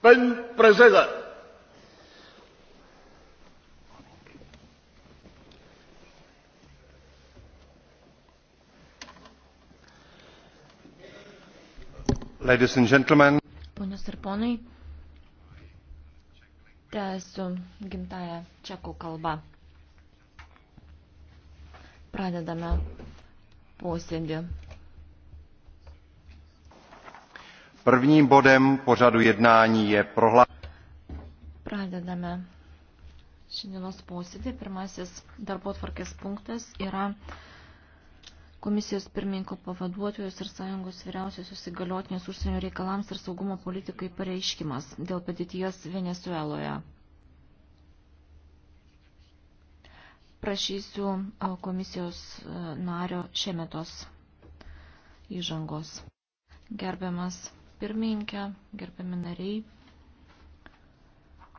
Pan prezident. Ladies and gentlemen. Ponios ir ponai, tęsiu gimtają čekų kalbą. Pradedame posėdį. Prvním bodem pořadu jednání je prohlášení. Pradedame šiandienos posėdį. Pirmasis darbo tvarkės punktas yra Komisijos pirmininko pavaduotojos ir sąjungos vyriausiosios įgaliotinės užsienio reikalams ir saugumo politikai pareiškimas dėl padėties Venezueloje. Prašysiu e, komisijos e, nario šiemetos įžangos. Gerbiamas pirmininkė, gerbiami nariai.